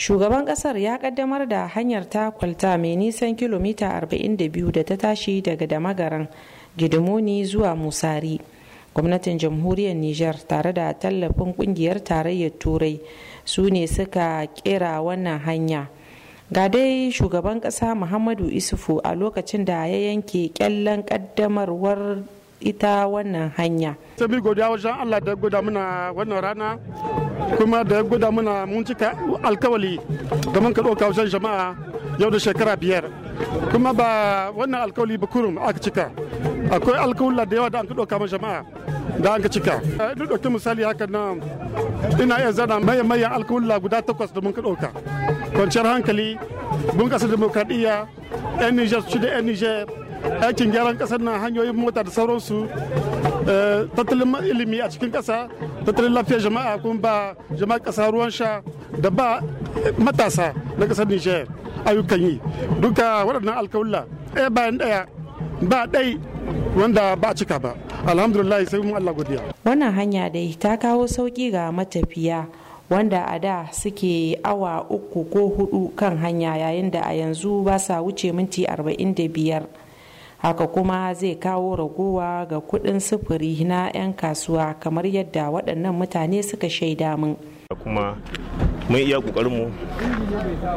shugaban kasar ya kaddamar da hanyar ta kwalta mai nisan kilomita 42 da ta tashi daga damagaran gidimoni zuwa musari gwamnatin jamhuriyar niger tare da tallafin kungiyar tarayyar turai su ne suka kera wannan hanya ga dai shugaban kasa muhammadu isufu a lokacin da ya yanke kyallen kaddamarwar ita wannan hanya. Sabi godiya wajen Allah da guda muna wannan rana kuma da ya guda muna mun cika alkawali da mun karɓo ɗauka jama'a yau da shekara biyar. Kuma ba wannan alkawali ba kurum aka cika. Akwai alkawula da yawa da an kaɗo ɗauka jama'a da an ka cika. Eh, ina ɗauki misali haka na ina iya zana maye maye alkawula guda takwas da mun ka ɗauka. Kwanciyar hankali, bunƙasa demokradiyya, 'yan Nijar su da 'yan Nijar, aikin gyaran kasar nan hanyoyin mota da sauransu eh, tattalin ilimi a cikin kasa tattalin lafiyar jama'a kuma ba jama'a kasa ruwan sha da ba matasa na kasar niger ayyukan yi duka waɗannan alkawula ɗaya bayan ɗaya ba ɗai wanda ba a cika ba alhamdulillah sai mun allah godiya wannan hanya dai ta kawo sauki ga matafiya wanda a da suke awa uku ko hudu kan hanya yayin da a yanzu ba sa wuce minti 45 haka kuma zai kawo raguwa ga kudin sufuri na 'yan kasuwa kamar yadda waɗannan mutane suka shaida min kuma mun iya mu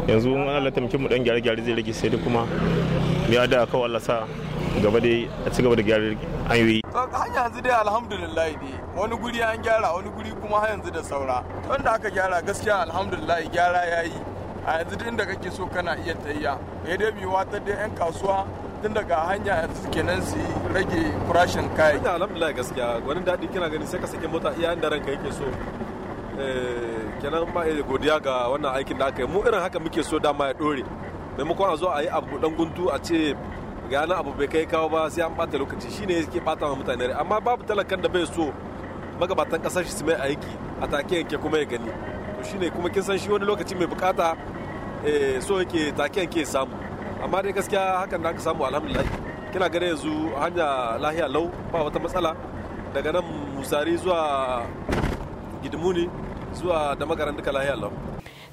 yanzu in Allah tamkin mu dan gyare-gyare zai rage sai kuma ya da kawai Allah sa gaba dai a ci gaba da gyara hanyoyi. hanya yanzu dai alhamdulillah ne wani guri an gyara wani guri kuma har yanzu da saura wanda aka gyara gaskiya alhamdulillah gyara ya yi a yanzu duk da kake so kana iya tayya ya dai biyuwa ta dai 'yan kasuwa tun daga hanya yanzu kenan su rage farashin kai ina alhamdulillah gaskiya wani daɗi kina gani sai ka sake mota iya inda ranka yake so eh, kenan ba eh, godiya ga wannan aikin da aka yi mu irin haka muke so dama ya ɗore maimakon a zo a yi abu dan guntu a ce ga nan abu bai kai kawo ba sai an bata lokaci shine yake bata ma mutane amma babu talakan da bai so magabatan kasar shi su mai aiki a take yanke kuma ya gani to shine kuma kin san shi wani lokaci mai bukata Eh, so yake taken ke samu amma dai gaskiya hakan da aka samu alhamdulillah kina gare yanzu hanya lahiya lau ba wata matsala daga nan musari zuwa gidimuni zuwa da magaran duka lahiya lau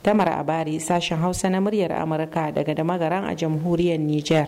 tamar abari sashen hausa na muryar amurka daga da magaran a jamhuriyar niger